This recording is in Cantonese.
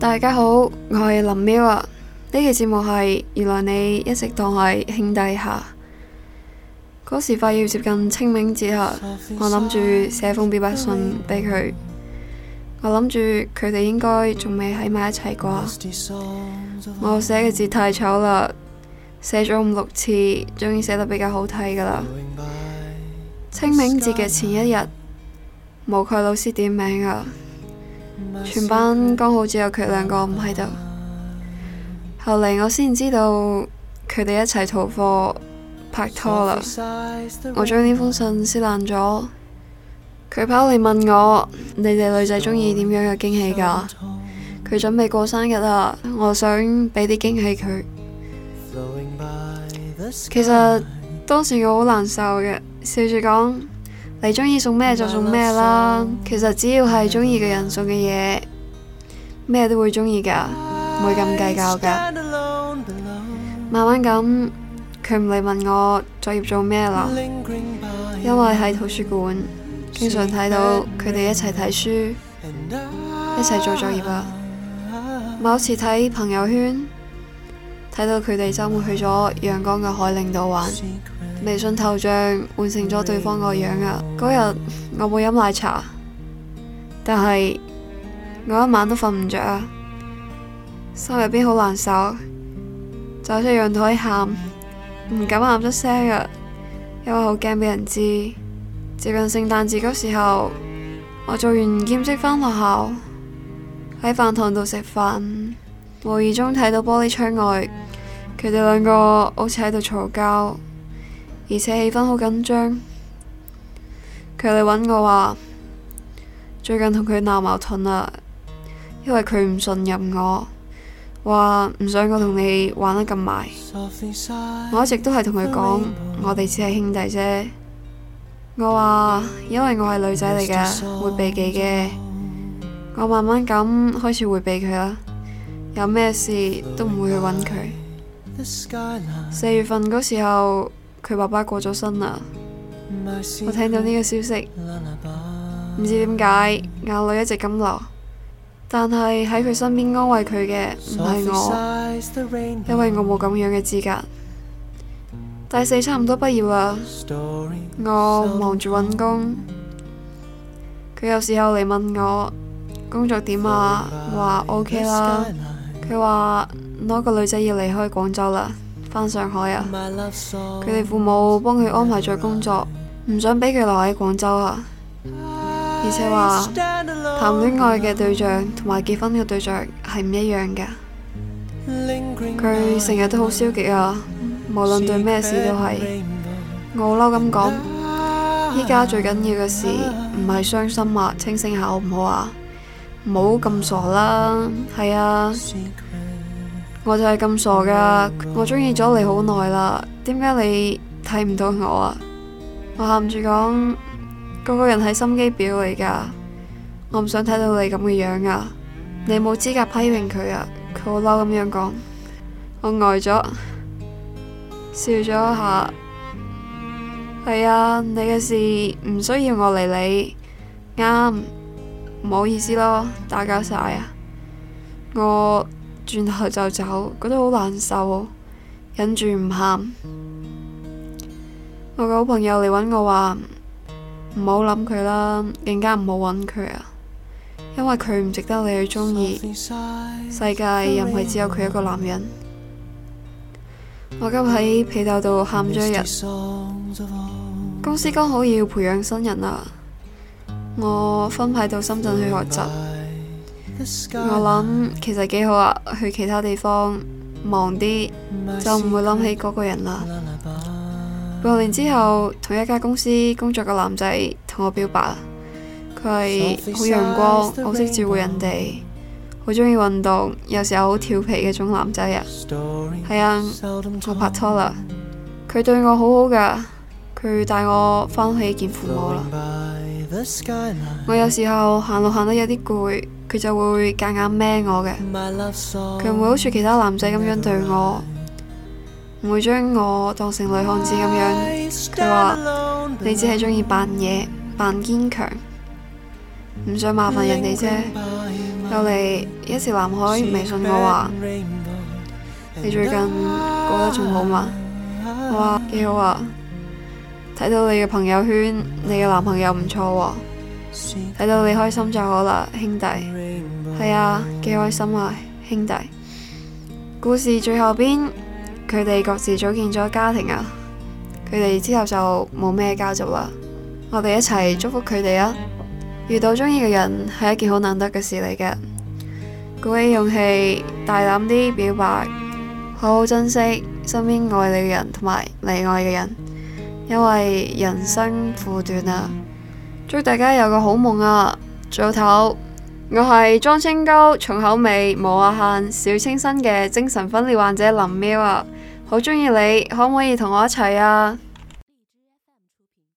大家好，我係林喵啊！呢期節目係原來你一直當我係兄弟下，嗰時快要接近清明節啦，我諗住寫封表白信畀佢，我諗住佢哋應該仲未喺埋一齊啩。我寫嘅字太醜啦，寫咗五六次，終於寫得比較好睇噶啦。清明節嘅前一日，冇佢老師點名啊。全班剛好只有佢兩個唔喺度，後嚟我先知道佢哋一齊逃課拍拖啦。我將呢封信撕爛咗，佢跑嚟問我：你哋女仔鍾意點樣嘅驚喜噶？佢準備過生日啦，我想俾啲驚喜佢。其實當時我好難受嘅，笑住講。你中意送咩就送咩啦，其實只要係中意嘅人送嘅嘢，咩都會中意噶，唔會咁計較噶。慢慢咁，佢唔嚟問我作業做咩啦，因為喺圖書館經常睇到佢哋一齊睇書，一齊做作業啊。某次睇朋友圈，睇到佢哋周末去咗陽江嘅海陵度玩。微信頭像換成咗對方個樣啊！嗰日 我冇飲奶茶，但係我一晚都瞓唔着，心入邊好難受，走出陽台喊，唔敢喊出聲啊，因為好驚俾人知。接近聖誕節嗰時候，我做完兼職返學校，喺飯堂度食飯，無意中睇到玻璃窗外，佢哋兩個好似喺度嘈交。而且氣氛好緊張，佢嚟揾我話最近同佢鬧矛盾啦，因為佢唔信任我，話唔想我同你玩得咁埋。我一直都係同佢講，我哋只係兄弟啫。我話因為我係女仔嚟嘅，會避忌嘅。我慢慢咁開始回避佢啦，有咩事都唔會去揾佢。四月份嗰時候，佢爸爸過咗身啦，我聽到呢個消息，唔知點解眼淚一直咁流。但係喺佢身邊安慰佢嘅唔係我，因為我冇咁樣嘅資格。大四差唔多畢業啦，我忙住揾工。佢有時候嚟問我工作點啊，我話 OK 啦。佢話攞個女仔要離開廣州啦。翻上海啊！佢哋父母幫佢安排咗工作，唔想俾佢留喺廣州啊。而且話談戀愛嘅對象同埋結婚嘅對象係唔一樣嘅。佢成日都好消極啊，無論對咩事都係。我好嬲咁講，依家最緊要嘅事唔係傷心啊，清醒下好唔好啊？唔好咁傻啦，係啊。我就係咁傻噶，我鍾意咗你好耐啦，點解你睇唔到我啊？我喊住講，嗰個人係心機婊嚟噶，我唔想睇到你咁嘅樣啊！你冇資格批評佢啊！佢好嬲咁樣講。我呆咗，笑咗一下。係啊，你嘅事唔需要我嚟理，啱，唔好意思咯，打攪晒啊，我。轉頭就走，覺得好難受，忍住唔喊。我嘅好朋友嚟揾我話唔好諗佢啦，更加唔好揾佢啊，因為佢唔值得你去鍾意。世界又唔係只有佢一個男人。我今日喺被竇度喊咗一日。公司剛好要培養新人啊，我分派到深圳去學習。我諗其實幾好啊，去其他地方忙啲就唔會諗起嗰個人啦。半年之後，同一間公司工作嘅男仔同我表白，佢係好陽光、好識照顧人哋、好中意運動、有時候好調皮嘅一種男仔啊。係 Story 啊，我拍拖啦，佢對我好好㗎，佢帶我返去見父母啦，啊。Line, 我有時候行路行得有啲攰，佢就會夾硬孭我嘅，佢唔 love 會好似其他男仔咁樣對我，唔 Never run, 會將我當成女漢子咁樣。佢話你只係中意扮嘢，扮堅強，唔想麻煩人哋啫。 又嚟一時南海微 She ep 信我話，你最近過得仲好嗎？我話幾好啊。睇到你嘅朋友圈，你嘅男朋友唔錯喎。睇到你開心就好啦，兄弟。係啊，幾開心啊，兄弟。故事最後邊，佢哋各自組建咗家庭啊。佢哋之後就冇咩交集啦。我哋一齊祝福佢哋啊！遇到鍾意嘅人係一件好難得嘅事嚟嘅。鼓起勇氣，大膽啲表白，好好珍惜身邊愛你嘅人同埋你愛嘅人。因為人生苦短啊，祝大家有個好夢啊！早唞，我係裝清高、重口味、無阿欠、小清新嘅精神分裂患者林喵啊，好鍾意你，可唔可以同我一齊啊？